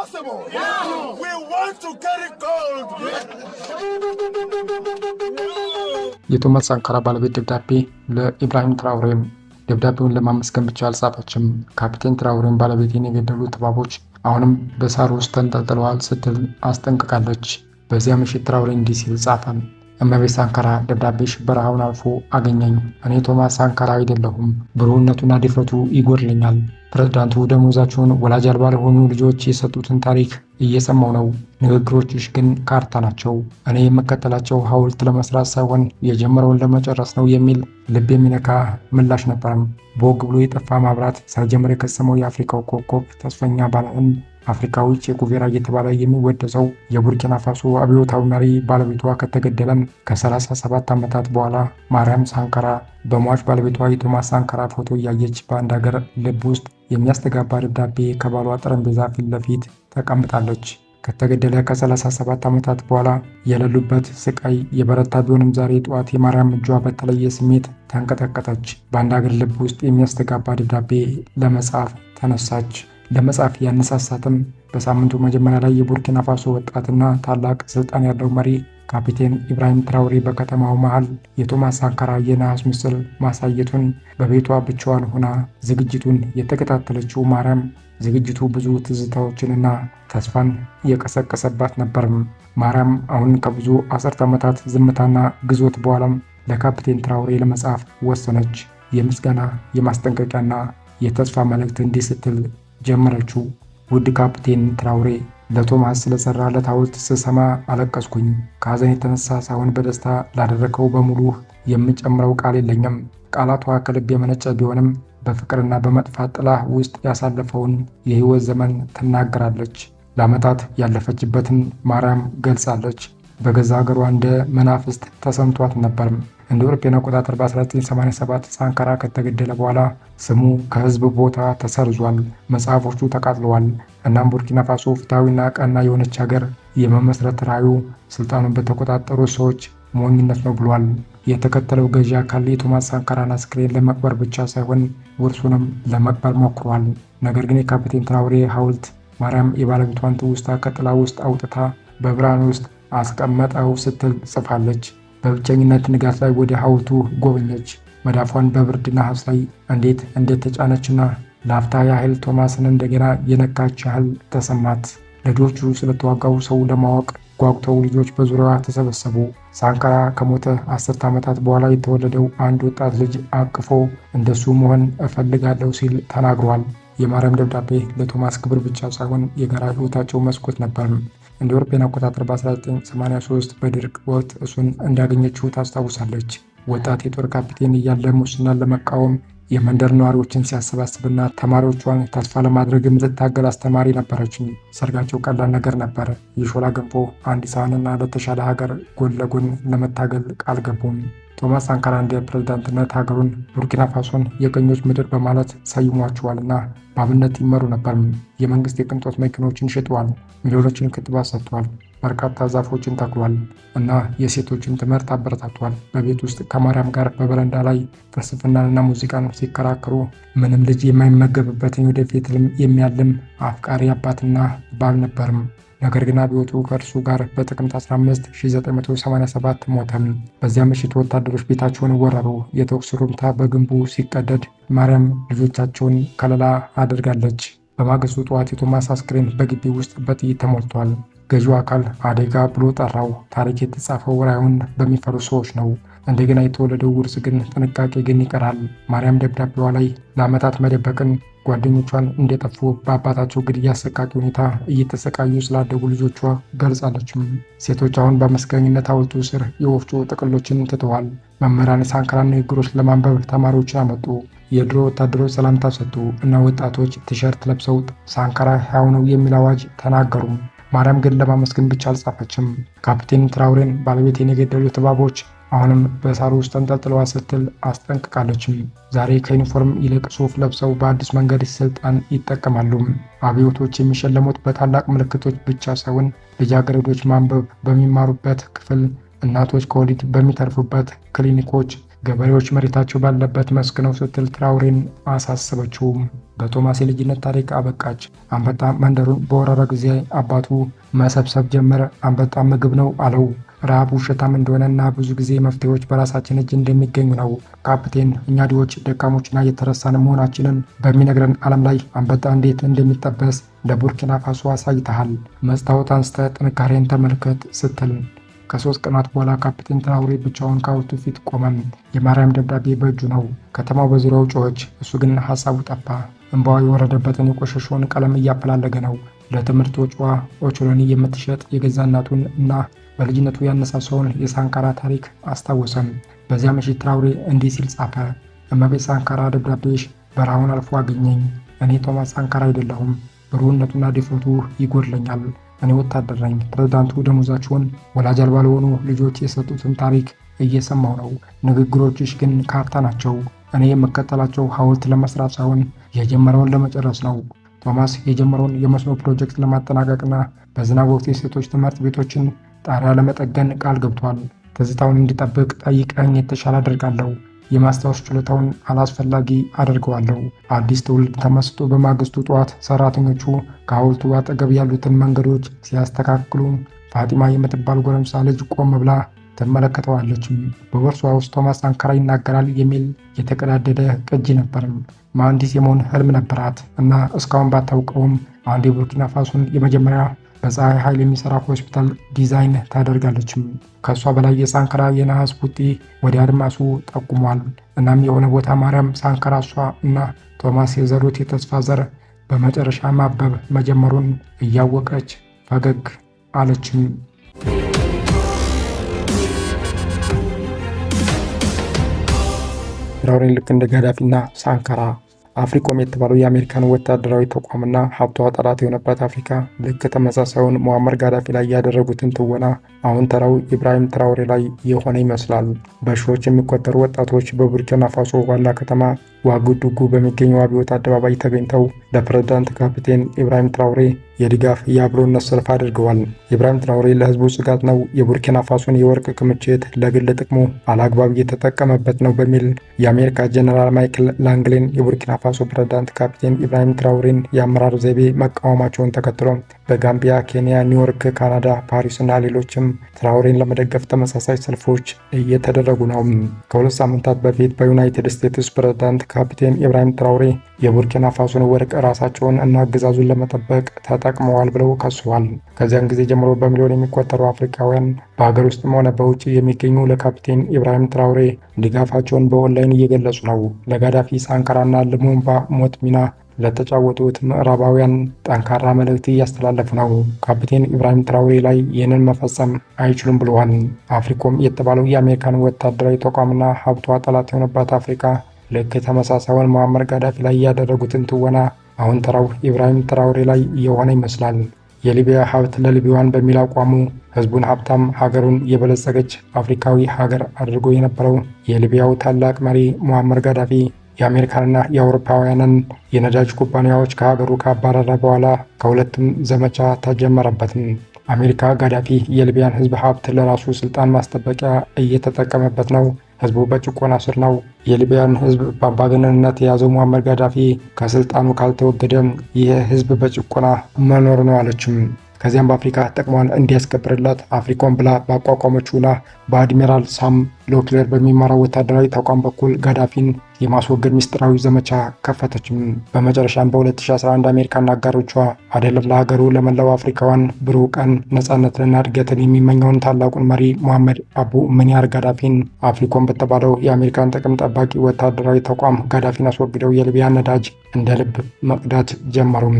possible. Yeah. We want to carry gold. የቶማስ ሳንካራ ባለቤት ደብዳቤ ለኢብራሂም ትራውሬም ደብዳቤውን ለማመስገን ብቻ አልጻፈችም። ካፒቴን ትራውሬን ባለቤቴን የገደሉት እባቦች አሁንም በሳር ውስጥ ተንጠልጥለዋል ስትል አስጠንቅቃለች። በዚያ ምሽት ትራውሬ እንዲህ ሲል ጻፈም። እመቤት ሳንካራ ደብዳቤሽ በረሃውን አልፎ አገኘኝ። እኔ ቶማስ ሳንካራ አይደለሁም፣ ብሩህነቱና ድፍረቱ ይጎድለኛል። ፕሬዝዳንቱ ደሞዛቸውን ወላጅ አልባ ለሆኑ ልጆች የሰጡትን ታሪክ እየሰማው ነው። ንግግሮችሽ ግን ካርታ ናቸው። እኔ የምከተላቸው ሐውልት ለመስራት ሳይሆን የጀመረውን ለመጨረስ ነው የሚል ልብ የሚነካ ምላሽ ነበረም። ቦግ ብሎ የጠፋ ማብራት ሳይጀምር የከሰመው የአፍሪካው ኮከብ ተስፈኛ ባለን። አፍሪካዊ ቼኩቬራ እየተባለ የሚወደሰው የቡርኪና ፋሶ አብዮታዊ መሪ ባለቤቷ ከተገደለም ከ37 ዓመታት በኋላ ማርያም ሳንካራ በሟች ባለቤቷ የቶማስ ሳንካራ ፎቶ እያየች በአንድ ሀገር ልብ ውስጥ የሚያስተጋባ ደብዳቤ ከባሏ ጠረጴዛ ፊት ለፊት ተቀምጣለች። ከተገደለ ከ37 ዓመታት በኋላ የሌሉበት ስቃይ የበረታ ቢሆንም ዛሬ ጠዋት የማርያም እጇ በተለየ ስሜት ተንቀጠቀጠች። በአንድ ሀገር ልብ ውስጥ የሚያስተጋባ ደብዳቤ ለመጻፍ ተነሳች። ለመጻፍ ያነሳሳትም በሳምንቱ መጀመሪያ ላይ የቡርኪና ፋሶ ወጣትና ታላቅ ስልጣን ያለው መሪ ካፒቴን ኢብራሂም ትራውሬ በከተማው መሃል የቶማስ ሳንካራ የነሐስ ምስል ማሳየቱን በቤቷ ብቻዋን ሆና ዝግጅቱን የተከታተለችው ማርያም ዝግጅቱ ብዙ ትዝታዎችንና ተስፋን የቀሰቀሰባት ነበርም። ማርያም አሁን ከብዙ አስርት ዓመታት ዝምታና ግዞት በኋላም ለካፒቴን ትራውሬ ለመጻፍ ወሰነች። የምስጋና የማስጠንቀቂያና የተስፋ መልእክት እንዲህ ስትል ጀመረችው። ውድ ካፕቴን ትራውሬ ለቶማስ ስለሰራለት ሐውልት ስሰማ አለቀስኩኝ። ከሐዘን የተነሳ ሳይሆን በደስታ ላደረከው በሙሉ የምጨምረው ቃል የለኝም። ቃላቷ ከልብ የመነጨ ቢሆንም በፍቅርና በመጥፋት ጥላ ውስጥ ያሳለፈውን የህይወት ዘመን ትናገራለች። ለዓመታት ያለፈችበትን ማርያም ገልጻለች። በገዛ ሀገሯ እንደ መናፍስት ተሰምቷት ነበርም። እንደ አውሮፓውያን አቆጣጠር በ1987 ሳንካራ ከተገደለ በኋላ ስሙ ከህዝብ ቦታ ተሰርዟል፣ መጽሐፎቹ ተቃጥለዋል። እናም ቡርኪና ፋሶ ፍትሐዊና ቀና የሆነች ሀገር የመመስረት ራዩ ስልጣኑን በተቆጣጠሩ ሰዎች ሞኝነት ነው ብሏል። የተከተለው ገዢ አካል የቶማስ ሳንካራን አስክሬን ለመቅበር ብቻ ሳይሆን ውርሱንም ለመቅበር ሞክሯል። ነገር ግን የካፒቴን ትራውሬ ሐውልት ማርያም የባለቤቷን ትውስታ ከጥላ ውስጥ አውጥታ በብርሃን ውስጥ አስቀመጠው ስትል ጽፋለች። በብቸኝነት ንጋት ላይ ወደ ሐውልቱ ጎበኘች። መዳፏን በብርድ ነሐስ ላይ እንዴት ተጫነችና ለአፍታ ያህል ቶማስን እንደገና የነካች ያህል ተሰማት። ልጆቹ ስለተዋጋው ሰው ለማወቅ ጓጉተው ልጆች በዙሪያዋ ተሰበሰቡ። ሳንካራ ከሞተ አስርት ዓመታት በኋላ የተወለደው አንድ ወጣት ልጅ አቅፎ እንደሱ መሆን እፈልጋለሁ ሲል ተናግሯል። የማርያም ደብዳቤ ለቶማስ ክብር ብቻ ሳይሆን የጋራ ህይወታቸው መስኮት ነበር። እንደ አውሮፓውያን አቆጣጠር በ1983 በድርቅ ወቅት እሱን እንዳገኘችው ታስታውሳለች። ወጣት የጦር ካፒቴን እያለ ሙስናን ለመቃወም የመንደር ነዋሪዎችን ሲያሰባስብና ተማሪዎቿን ተስፋ ለማድረግ የምትታገል አስተማሪ ነበረች። ሰርጋቸው ቀላል ነገር ነበር። የሾላ ገንፎ፣ አንድ ሳህንና ለተሻለ ሀገር ጎን ለጎን ለመታገል ቃል ገቡም። ቶማስ ሳንካራ እንደ ፕሬዝዳንትነት ሀገሩን ቡርኪና ፋሶን የቀኞች ምድር በማለት ሰይሟቸዋልና በአብነት ይመሩ ነበር። የመንግስት የቅንጦት መኪኖችን ሽጠዋል። ሚሊዮኖችን ክትባት ሰጥተዋል። በርካታ ዛፎችን ተክሏል እና የሴቶችን ትምህርት አበረታቷል። በቤት ውስጥ ከማርያም ጋር በበረንዳ ላይ ፍልስፍናንና ሙዚቃን ሲከራከሩ ምንም ልጅ የማይመገብበትን ወደፊት የሚያልም አፍቃሪ አባትና ባል ነበርም። ነገር ግን አብዮቱ ከእርሱ ጋር በጥቅምት 15 1987 ሞተም። በዚያ ምሽት ወታደሮች ቤታቸውን ወረሩ። የተኩስ ሩምታ በግንቡ ሲቀደድ ማርያም ልጆቻቸውን ከለላ አድርጋለች። በማግስቱ ጠዋት የቶማስ አስክሬን በግቢ ውስጥ በጥይት ተሞልቷል። ገዢው አካል አደጋ ብሎ ጠራው። ታሪክ የተጻፈው ራዕዩን በሚፈሩ ሰዎች ነው። እንደገና የተወለደው ውርስ ግን ጥንቃቄ ግን ይቀራል። ማርያም ደብዳቤዋ ላይ ለዓመታት መደበቅን ጓደኞቿን እንደጠፉ በአባታቸው ግድያ አሰቃቂ ሁኔታ እየተሰቃዩ ስላደጉ ልጆቿ ገልጻለችም። ሴቶች አሁን በመስገኝነት ሐውልቱ ስር የወፍጮ ጥቅሎችን ትተዋል። መምህራን የሳንካራን ንግግሮች ለማንበብ ተማሪዎችን አመጡ። የድሮ ወታደሮች ሰላምታ ሰጡ እና ወጣቶች ቲሸርት ለብሰው ሳንካራ ሕያው ነው የሚል አዋጅ ተናገሩ። ማርያም ግን ለማመስገን ብቻ አልጻፈችም። ካፕቴን ትራውሬን ባለቤቴን የገደሉት እባቦች አሁንም በሳር ውስጥ ተንጠልጥለዋል ስትል አስጠንቅቃለችም። ዛሬ ከዩኒፎርም ይልቅ ሱፍ ለብሰው በአዲስ መንገድ ስልጣን ይጠቀማሉ። አብዮቶች የሚሸለሙት በታላቅ ምልክቶች ብቻ ሳይሆን ልጃገረዶች ማንበብ በሚማሩበት ክፍል፣ እናቶች ከወሊድ በሚተርፉበት ክሊኒኮች ገበሬዎች መሬታቸው ባለበት መስክ ነው ስትል ትራውሬን አሳሰበችውም። በቶማስ የልጅነት ታሪክ አበቃች። አንበጣ መንደሩን በወረረ ጊዜ አባቱ መሰብሰብ ጀመረ። አንበጣ ምግብ ነው አለው። ረሃብ ውሸታም እና ብዙ ጊዜ መፍትሄዎች በራሳችን እጅ እንደሚገኙ ነው ካፕቴን። እኛ ድሆች፣ ደካሞችና የተረሳን መሆናችንን በሚነግረን ዓለም ላይ አንበጣ እንዴት እንደሚጠበስ ለቡርኪና ፋሶ አሳይተሃል። መስታወት አንስተ ጥንካሬን ተመልከት ስትል ከሶስት ቀናት በኋላ ካፕቴን ትራውሬ ብቻውን ከሐውልቱ ፊት ቆመም። የማርያም ደብዳቤ በእጁ ነው። ከተማው በዙሪያው ጮኸች። እሱ ግን ሀሳቡ ጠፋ። እንባዋ የወረደበትን የቆሸሸውን ቀለም እያፈላለገ ነው። ለትምህርት ወጪዋ ኦቾሎኒ የምትሸጥ የገዛ እናቱን እና በልጅነቱ ያነሳሰውን የሳንካራ ታሪክ አስታወሰም። በዚያ ምሽት ትራውሬ እንዲህ ሲል ጻፈ። እመቤት ሳንካራ ደብዳቤሽ በረሃውን አልፎ አገኘኝ። እኔ ቶማስ ሳንካራ አይደለሁም። ብሩህነቱና ድፍረቱ ይጎድለኛል። እኔ ወታደር ነኝ። ፕሬዝዳንቱ ደሞዛቸውን ወላጅ አልባ ለሆኑ ልጆች የሰጡትን ታሪክ እየሰማው ነው። ንግግሮችሽ ግን ካርታ ናቸው። እኔ የምከተላቸው ሐውልት ለመስራት ሳይሆን የጀመረውን ለመጨረስ ነው። ቶማስ የጀመረውን የመስኖ ፕሮጀክት ለማጠናቀቅና በዝናብ ወቅት የሴቶች ትምህርት ቤቶችን ጣሪያ ለመጠገን ቃል ገብቷል። ትዝታውን እንዲጠብቅ ጠይቀኝ የተሻለ አደርጋለሁ። የማስታወስ ችሎታውን አላስፈላጊ አድርገዋለሁ። አዲስ ትውልድ ተመስጦ በማግስቱ ጠዋት ሰራተኞቹ ከሐውልቱ አጠገብ ያሉትን መንገዶች ሲያስተካክሉ ፋጢማ የምትባል ጎረምሳ ልጅ ቆም ብላ ትመለከተዋለች። በቦርሷ ውስጥ ቶማስ አንካራ ይናገራል የሚል የተቀዳደደ ቅጂ ነበር። መሐንዲስ የመሆን ህልም ነበራት እና እስካሁን ባታውቀውም አንድ የቡርኪና ፋሶን የመጀመሪያ በፀሐይ ኃይል የሚሰራ ሆስፒታል ዲዛይን ታደርጋለችም። ከእሷ በላይ የሳንከራ የነሐስ ቡጢ ወደ አድማሱ ጠቁሟል። እናም የሆነ ቦታ ማርያም ሳንከራ እሷ እና ቶማስ የዘሩት የተስፋ ዘር በመጨረሻ ማበብ መጀመሩን እያወቀች ፈገግ አለችም። ራውሬን ልክ እንደ ጋዳፊና ሳንከራ። አፍሪኮም የተባለው የአሜሪካን ወታደራዊ ተቋምና ሀብቷ ጠላት የሆነባት አፍሪካ ልክ ተመሳሳዩን ሙአመር ጋዳፊ ላይ ያደረጉትን ትወና አሁን ተራው ኢብራሂም ትራውሬ ላይ የሆነ ይመስላል። በሺዎች የሚቆጠሩ ወጣቶች በቡርኪና ፋሶ ዋና ከተማ ዋጉድጉ በሚገኘው አብዮት አደባባይ ተገኝተው ለፕሬዝዳንት ካፒቴን ኢብራሂም ትራውሬ የድጋፍ የአብሮነት ሰልፍ አድርገዋል። ኢብራሂም ትራውሬ ለህዝቡ ስጋት ነው፣ የቡርኪና ፋሶን የወርቅ ክምችት ለግል ጥቅሙ አላግባብ እየተጠቀመበት ነው በሚል የአሜሪካ ጀኔራል ማይክል ላንግሌን የቡርኪና ፋሶ ፕሬዝዳንት ካፕቴን ኢብራሂም ትራውሬን የአመራር ዘይቤ መቃወማቸውን ተከትሎ በጋምቢያ፣ ኬንያ፣ ኒውዮርክ፣ ካናዳ፣ ፓሪስ እና ሌሎችም ትራውሬን ለመደገፍ ተመሳሳይ ሰልፎች እየተደረጉ ነው። ከሁለት ሳምንታት በፊት በዩናይትድ ስቴትስ ፕሬዝዳንት ካፒቴን ኢብራሂም ትራውሬ የቡርኪና ፋሶን ወርቅ ራሳቸውን እና አገዛዙን ለመጠበቅ ተጠቅመዋል ብለው ከሰዋል። ከዚያን ጊዜ ጀምሮ በሚሊዮን የሚቆጠሩ አፍሪካውያን በሀገር ውስጥም ሆነ በውጭ የሚገኙ ለካፒቴን ኢብራሂም ትራውሬ ድጋፋቸውን በኦንላይን እየገለጹ ነው። ለጋዳፊ ሳንካራና ልሙምባ ሞት ሚና ለተጫወቱት ምዕራባውያን ጠንካራ መልእክት እያስተላለፉ ነው። ካፕቴን ኢብራሂም ትራውሬ ላይ ይህንን መፈጸም አይችሉም ብለዋል። አፍሪኮም የተባለው የአሜሪካን ወታደራዊ ተቋምና ሀብቷ ጠላት የሆነባት አፍሪካ ልክ ተመሳሳዩን መሐመር ጋዳፊ ላይ ያደረጉትን ትወና አሁን ተራው ኢብራሂም ትራውሬ ላይ እየሆነ ይመስላል። የሊቢያ ሀብት ለሊቢያን በሚል አቋሙ ህዝቡን ሀብታም፣ ሀገሩን የበለጸገች አፍሪካዊ ሀገር አድርጎ የነበረው የሊቢያው ታላቅ መሪ ሙአመር ጋዳፊ የአሜሪካንና የአውሮፓውያንን የነዳጅ ኩባንያዎች ከሀገሩ ካባረረ በኋላ ከሁለትም ዘመቻ ተጀመረበትም። አሜሪካ ጋዳፊ የሊቢያን ህዝብ ሀብት ለራሱ ስልጣን ማስጠበቂያ እየተጠቀመበት ነው፣ ህዝቡ በጭቆና ስር ነው፣ የሊቢያን ህዝብ በአምባገነንነት የያዘው ሙሐመድ ጋዳፊ ከስልጣኑ ካልተወገደም ይህ ህዝብ በጭቆና መኖር ነው አለችም። ከዚያም በአፍሪካ ጥቅሟን እንዲያስከብርላት አፍሪኮን ብላ ባቋቋመችውና በአድሚራል ሳም ሎክለር በሚመራው ወታደራዊ ተቋም በኩል ጋዳፊን የማስወገድ ምስጢራዊ ዘመቻ ከፈተችም። በመጨረሻም በ2011 አሜሪካና አጋሮቿ አይደለም ለሀገሩ ለመላው አፍሪካውያን ብሩህ ቀን ነጻነትንና እድገትን የሚመኘውን ታላቁን መሪ ሞሐመድ አቡ ምንያር ጋዳፊን አፍሪኮም በተባለው የአሜሪካን ጥቅም ጠባቂ ወታደራዊ ተቋም ጋዳፊን አስወግደው የሊቢያ ነዳጅ እንደ ልብ መቅዳት ጀመሩም።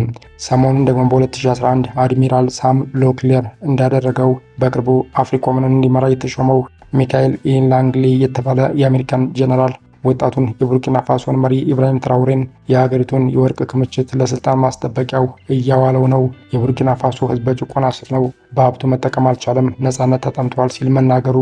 ሰሞኑን ደግሞ በ2011 አድሚራል ሳም ሎክሌር እንዳደረገው በቅርቡ አፍሪኮምን እንዲመራ የተሾመው ሚካኤል ኢላንግሊ የተባለ የአሜሪካን ጀነራል ወጣቱን የቡርኪና ፋሶን መሪ ኢብራሂም ትራውሬን የሀገሪቱን የወርቅ ክምችት ለስልጣን ማስጠበቂያው እያዋለው ነው። የቡርኪና ፋሶ ህዝበ ጭቆና ስር ነው፣ በሀብቱ መጠቀም አልቻለም፣ ነጻነት ተጠምተዋል ሲል መናገሩ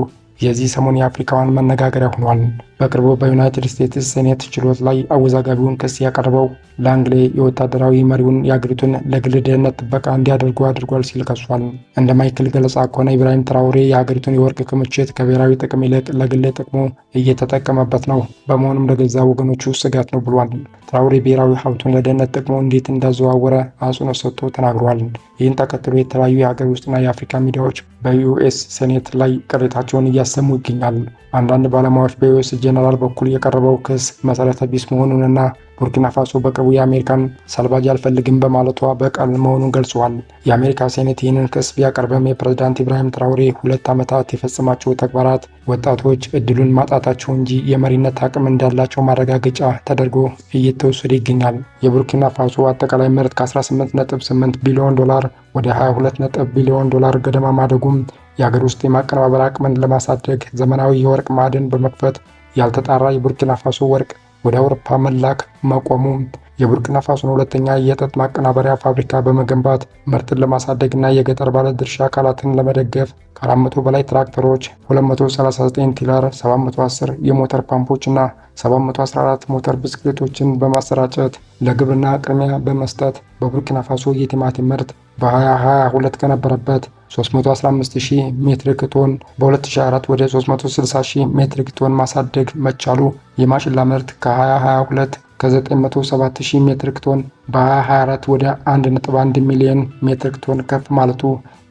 የዚህ ሰሞን የአፍሪካውያን መነጋገሪያ ሆኗል። በቅርቡ በዩናይትድ ስቴትስ ሴኔት ችሎት ላይ አወዛጋቢውን ክስ ያቀረበው ላንግሌ የወታደራዊ መሪውን የአገሪቱን ለግል ደህንነት ጥበቃ እንዲያደርጉ አድርጓል ሲል ከሷል። እንደ ማይክል ገለጻ ከሆነ ኢብራሂም ትራውሬ የአገሪቱን የወርቅ ክምችት ከብሔራዊ ጥቅም ይልቅ ለግል ጥቅሙ እየተጠቀመበት ነው፣ በመሆኑም ለገዛ ወገኖቹ ስጋት ነው ብሏል። ትራውሬ ብሔራዊ ሀብቱን ለደህንነት ጥቅሙ እንዴት እንዳዘዋወረ አጽንኦት ሰጥቶ ተናግሯል። ይህን ተከትሎ የተለያዩ የሀገር ውስጥና የአፍሪካ ሚዲያዎች በዩኤስ ሴኔት ላይ ቅሬታቸውን እያሰሙ ይገኛሉ። አንዳንድ ባለሙያዎች በዩኤስ ጄኔራል በኩል የቀረበው ክስ መሰረተ ቢስ መሆኑንና ቡርኪና ፋሶ በቅርቡ የአሜሪካን ሰልባጅ አልፈልግም በማለቷ በቀል መሆኑን ገልጸዋል። የአሜሪካ ሴኔት ይህንን ክስ ቢያቀርብም የፕሬዝዳንት ኢብራሂም ትራውሬ ሁለት ዓመታት የፈጸማቸው ተግባራት ወጣቶች እድሉን ማጣታቸው እንጂ የመሪነት አቅም እንዳላቸው ማረጋገጫ ተደርጎ እየተወሰደ ይገኛል። የቡርኪና ፋሶ አጠቃላይ ምርት ከ18.8 ቢሊዮን ዶላር ወደ 22 ቢሊዮን ዶላር ገደማ ማደጉም የአገር ውስጥ የማቀነባበር አቅምን ለማሳደግ ዘመናዊ የወርቅ ማዕድን በመክፈት ያልተጣራ የቡርኪና ፋሶ ወርቅ ወደ አውሮፓ መላክ መቆሙ የቡርኪና ፋሶን ሁለተኛ የጠጥ ማቀናበሪያ ፋብሪካ በመገንባት ምርትን ለማሳደግና የገጠር ባለድርሻ አካላትን ለመደገፍ ከ400 በላይ ትራክተሮች፣ 239 ቲለር፣ 710 የሞተር ፓምፖች እና 714 ሞተር ብስክሌቶችን በማሰራጨት ለግብርና ቅድሚያ በመስጠት በቡርኪና ፋሶ የቲማቲም ምርት በ2022 ከነበረበት 315,000 ሜትሪክ ቶን በ2024 ወደ 360,000 ሜትሪክ ቶን ማሳደግ መቻሉ የማሽላ ምርት ከ2022 ከ970,000 ሜትሪክ ቶን በ2024 ወደ 1.1 ሚሊዮን ሜትሪክ ቶን ከፍ ማለቱ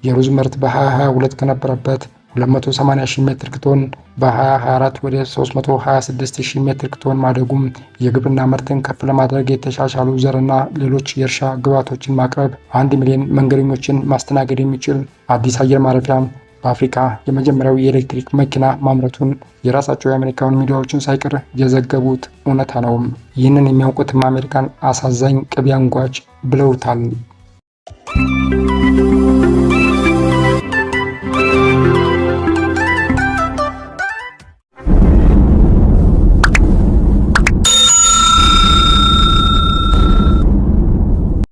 የሩዝ ምርት በ2022 ከነበረበት 280,000 ሜትሪክ ቶን በ2024 ወደ 326,000 ሜትሪክ ቶን ማደጉም የግብርና ምርትን ከፍ ለማድረግ የተሻሻሉ ዘርና ሌሎች የእርሻ ግብዓቶችን ማቅረብ፣ አንድ ሚሊዮን መንገደኞችን ማስተናገድ የሚችል አዲስ አየር ማረፊያ፣ በአፍሪካ የመጀመሪያው የኤሌክትሪክ መኪና ማምረቱን የራሳቸው የአሜሪካውን ሚዲያዎችን ሳይቀር የዘገቡት እውነታ ነው። ይህንን የሚያውቁትም አሜሪካን አሳዛኝ ቅቤ አንጓች ብለውታል።